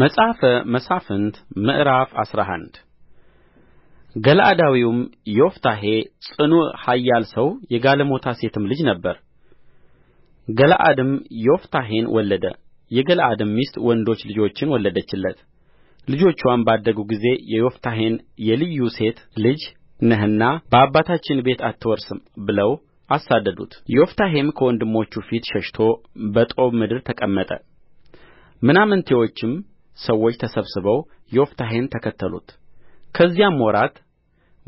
መጽሐፈ መሣፍንት ምዕራፍ አስራ አንድ ገለዓዳዊውም ዮፍታሔ ጽኑዕ ኃያል ሰው የጋለሞታ ሴትም ልጅ ነበረ። ገለዓድም ዮፍታሔን ወለደ። የገለዓድም ሚስት ወንዶች ልጆችን ወለደችለት። ልጆቿም ባደጉ ጊዜ የዮፍታሔን የልዩ ሴት ልጅ ነህና በአባታችን ቤት አትወርስም ብለው አሳደዱት። ዮፍታሔም ከወንድሞቹ ፊት ሸሽቶ በጦብ ምድር ተቀመጠ። ምናምንቴዎችም ሰዎች ተሰብስበው ዮፍታሔን ተከተሉት ከዚያም ወራት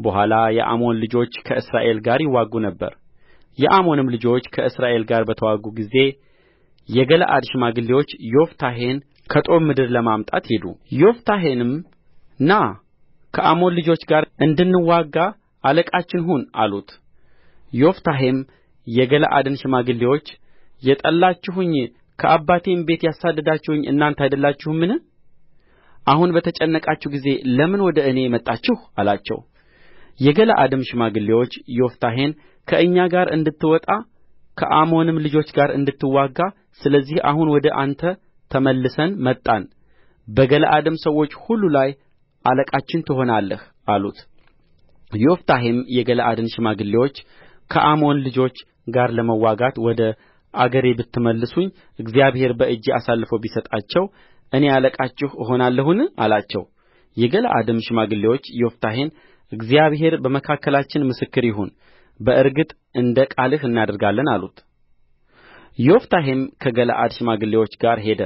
በኋላ የአሞን ልጆች ከእስራኤል ጋር ይዋጉ ነበር የአሞንም ልጆች ከእስራኤል ጋር በተዋጉ ጊዜ የገለዓድ ሽማግሌዎች ዮፍታሔን ከጦብ ምድር ለማምጣት ሄዱ ዮፍታሔንም ና ከአሞን ልጆች ጋር እንድንዋጋ አለቃችን ሁን አሉት ዮፍታሔም የገለዓድን ሽማግሌዎች የጠላችሁኝ ከአባቴም ቤት ያሳደዳችሁኝ እናንተ አይደላችሁምን አሁን በተጨነቃችሁ ጊዜ ለምን ወደ እኔ መጣችሁ አላቸው የገለዓድም ሽማግሌዎች ዮፍታሔን ከእኛ ጋር እንድትወጣ ከአሞንም ልጆች ጋር እንድትዋጋ ስለዚህ አሁን ወደ አንተ ተመልሰን መጣን በገለዓድም ሰዎች ሁሉ ላይ አለቃችን ትሆናለህ አሉት ዮፍታሔም የገለዓድን ሽማግሌዎች ከአሞን ልጆች ጋር ለመዋጋት ወደ አገሬ ብትመልሱኝ እግዚአብሔር በእጄ አሳልፎ ቢሰጣቸው እኔ አለቃችሁ እሆናለሁን አላቸው የገለዓድም ሽማግሌዎች ዮፍታሔን እግዚአብሔር በመካከላችን ምስክር ይሁን በእርግጥ እንደ ቃልህ እናደርጋለን አሉት ዮፍታሔም ከገለዓድ ሽማግሌዎች ጋር ሄደ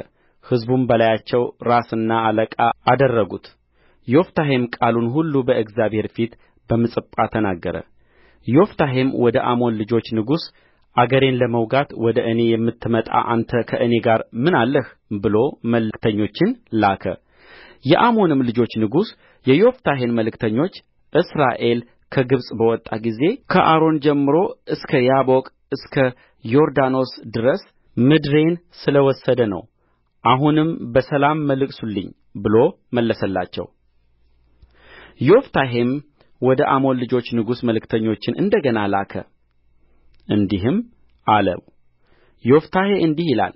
ሕዝቡም በላያቸው ራስና አለቃ አደረጉት ዮፍታሔም ቃሉን ሁሉ በእግዚአብሔር ፊት በምጽጳ ተናገረ ዮፍታሔም ወደ አሞን ልጆች ንጉሥ አገሬን ለመውጋት ወደ እኔ የምትመጣ አንተ ከእኔ ጋር ምን አለህ ብሎ መልእክተኞችን ላከ የአሞንም ልጆች ንጉሥ የዮፍታሔን መልእክተኞች እስራኤል ከግብፅ በወጣ ጊዜ ከአርኖን ጀምሮ እስከ ያቦቅ እስከ ዮርዳኖስ ድረስ ምድሬን ስለ ወሰደ ነው አሁንም በሰላም መልሱልኝ ብሎ መለሰላቸው። ዮፍታሔም ወደ አሞን ልጆች ንጉሥ መልእክተኞችን እንደ ገና ላከ እንዲህም አለው ዮፍታሔ እንዲህ ይላል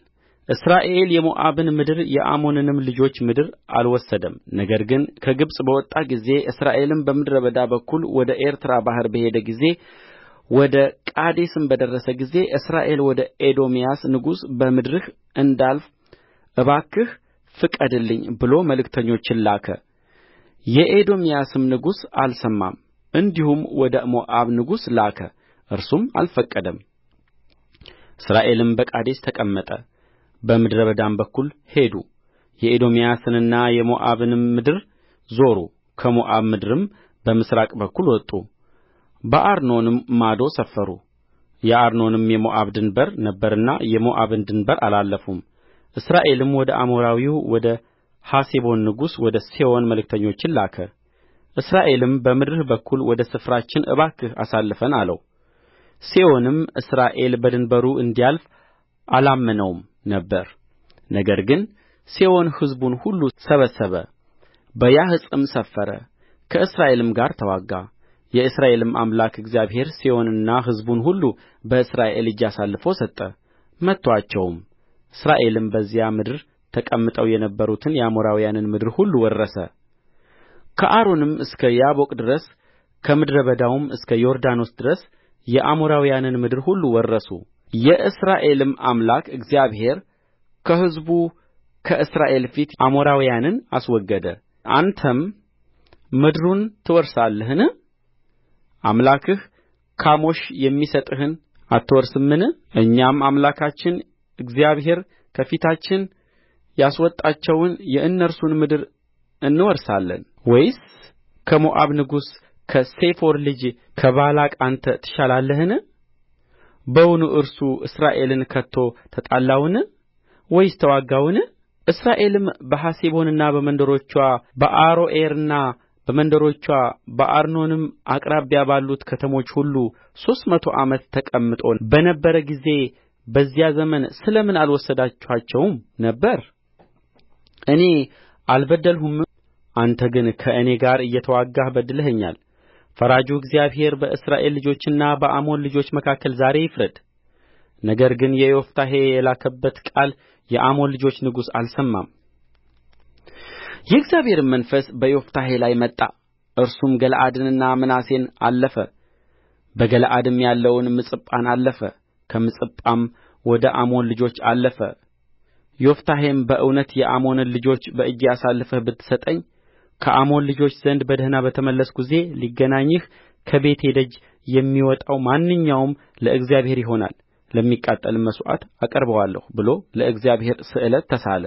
እስራኤል የሞዓብን ምድር የአሞንንም ልጆች ምድር አልወሰደም ነገር ግን ከግብፅ በወጣ ጊዜ እስራኤልም በምድረ በዳ በኩል ወደ ኤርትራ ባሕር በሄደ ጊዜ ወደ ቃዴስም በደረሰ ጊዜ እስራኤል ወደ ኤዶምያስ ንጉሥ በምድርህ እንዳልፍ እባክህ ፍቀድልኝ ብሎ መልእክተኞችን ላከ። የኤዶምያስም ንጉሥ አልሰማም፣ እንዲሁም ወደ ሞዓብ ንጉሥ ላከ። እርሱም አልፈቀደም እስራኤልም በቃዴስ ተቀመጠ በምድረ በዳም በኩል ሄዱ የኤዶምያስንና የሞዓብንም ምድር ዞሩ ከሞዓብ ምድርም በምሥራቅ በኩል ወጡ በአርኖንም ማዶ ሰፈሩ የአርኖንም የሞዓብ ድንበር ነበረና የሞዓብን ድንበር አላለፉም እስራኤልም ወደ አሞራዊው ወደ ሐሴቦን ንጉሥ ወደ ሴዎን መልእክተኞችን ላከ እስራኤልም በምድርህ በኩል ወደ ስፍራችን እባክህ አሳልፈን አለው ሴዎንም እስራኤል በድንበሩ እንዲያልፍ አላመነውም ነበር ነገር ግን ሴዎን ሕዝቡን ሁሉ ሰበሰበ በያሀጽም ሰፈረ ከእስራኤልም ጋር ተዋጋ የእስራኤልም አምላክ እግዚአብሔር ሴዎንንና ሕዝቡን ሁሉ በእስራኤል እጅ አሳልፎ ሰጠ መቱአቸውም እስራኤልም በዚያ ምድር ተቀምጠው የነበሩትን የአሞራውያንን ምድር ሁሉ ወረሰ ከአርኖንም እስከ ያቦቅ ድረስ ከምድረ በዳውም እስከ ዮርዳኖስ ድረስ የአሞራውያንን ምድር ሁሉ ወረሱ የእስራኤልም አምላክ እግዚአብሔር ከሕዝቡ ከእስራኤል ፊት አሞራውያንን አስወገደ አንተም ምድሩን ትወርሳለህን አምላክህ ካሞሽ የሚሰጥህን አትወርስምን እኛም አምላካችን እግዚአብሔር ከፊታችን ያስወጣቸውን የእነርሱን ምድር እንወርሳለን ወይስ ከሞዓብ ንጉሥ ከሴፎር ልጅ ከባላቅ አንተ ትሻላለህን በውኑ እርሱ እስራኤልን ከቶ ተጣላውን ወይስ ተዋጋውን እስራኤልም በሐሴቦንና በመንደሮችዋ በአሮዔርና በመንደሮችዋ በአርኖንም አቅራቢያ ባሉት ከተሞች ሁሉ ሦስት መቶ ዓመት ተቀምጦ በነበረ ጊዜ በዚያ ዘመን ስለ ምን አልወሰዳችኋቸውም ነበር? እኔ አልበደልሁህም። አንተ ግን ከእኔ ጋር እየተዋጋህ በድለኸኛል። ፈራጁ እግዚአብሔር በእስራኤል ልጆችና በአሞን ልጆች መካከል ዛሬ ይፍረድ ነገር ግን ዮፍታሔ የላከበት ቃል የአሞን ልጆች ንጉሥ አልሰማም የእግዚአብሔርም መንፈስ በዮፍታሔ ላይ መጣ እርሱም ገለዓድንና ምናሴን አለፈ በገለዓድም ያለውን ምጽጳን አለፈ ከምጽጳም ወደ አሞን ልጆች አለፈ ዮፍታሔም በእውነት የአሞንን ልጆች በእጄ አሳልፈህ ብትሰጠኝ ከአሞን ልጆች ዘንድ በደኅና በተመለስሁ ጊዜ ሊገናኝህ ከቤቴ ደጅ የሚወጣው ማንኛውም ለእግዚአብሔር ይሆናል ለሚቃጠልም መሥዋዕት አቀርበዋለሁ ብሎ ለእግዚአብሔር ስእለት ተሳለ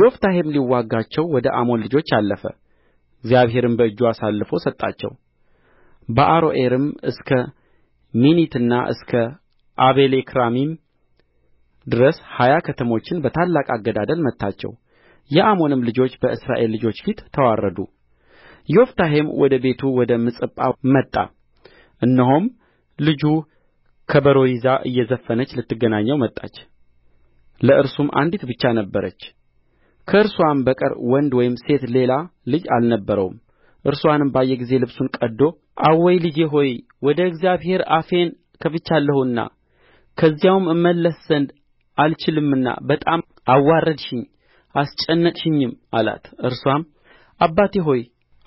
ዮፍታሔም ሊዋጋቸው ወደ አሞን ልጆች አለፈ እግዚአብሔርም በእጁ አሳልፎ ሰጣቸው በአሮዔርም እስከ ሚኒትና እስከ አቤልክራሚም ድረስ ሀያ ከተሞችን በታላቅ አገዳደል መታቸው የአሞንም ልጆች በእስራኤል ልጆች ፊት ተዋረዱ ዮፍታሔም ወደ ቤቱ ወደ ምጽጳ መጣ እነሆም ልጁ ከበሮ ይዛ እየዘፈነች ልትገናኘው መጣች ለእርሱም አንዲት ብቻ ነበረች ከእርስዋም በቀር ወንድ ወይም ሴት ሌላ ልጅ አልነበረውም እርስዋንም ባየ ጊዜ ልብሱን ቀድዶ አወይ ልጄ ሆይ ወደ እግዚአብሔር አፌን ከፍቻለሁና ከዚያውም እመለስ ዘንድ አልችልምና በጣም አዋረድሽኝ አስጨነቅሽኝም አላት እርስዋም አባቴ ሆይ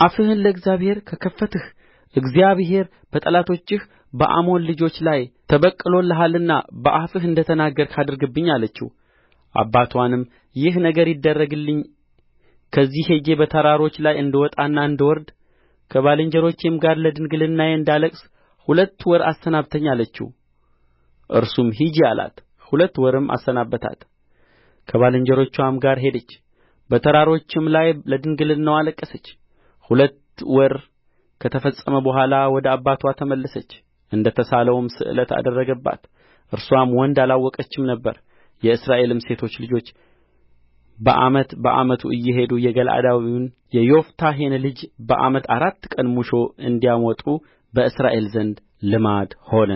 አፍህን ለእግዚአብሔር ከከፈትህ እግዚአብሔር በጠላቶችህ በአሞን ልጆች ላይ ተበቅሎልሃልና በአፍህ እንደ ተናገርህ አድርግብኝ አለችው አባትዋንም ይህ ነገር ይደረግልኝ ከዚህ ሄጄ በተራሮች ላይ እንድወጣና እንድወርድ ከባልንጀሮቼም ጋር ለድንግልናዬ እንዳለቅስ ሁለት ወር አሰናብተኝ አለችው እርሱም ሂጂ አላት ሁለት ወርም አሰናበታት ከባልንጀሮችዋም ጋር ሄደች በተራሮችም ላይ ለድንግልናዋ አለቀሰች ሁለት ወር ከተፈጸመ በኋላ ወደ አባትዋ ተመለሰች እንደ ተሳለውም ስእለት አደረገባት እርስዋም ወንድ አላወቀችም ነበር የእስራኤልም ሴቶች ልጆች በዓመት በዓመቱ እየሄዱ የገለዓዳዊውን የዮፍታሔን ልጅ በዓመት አራት ቀን ሙሾ እንዲያወጡ በእስራኤል ዘንድ ልማድ ሆነ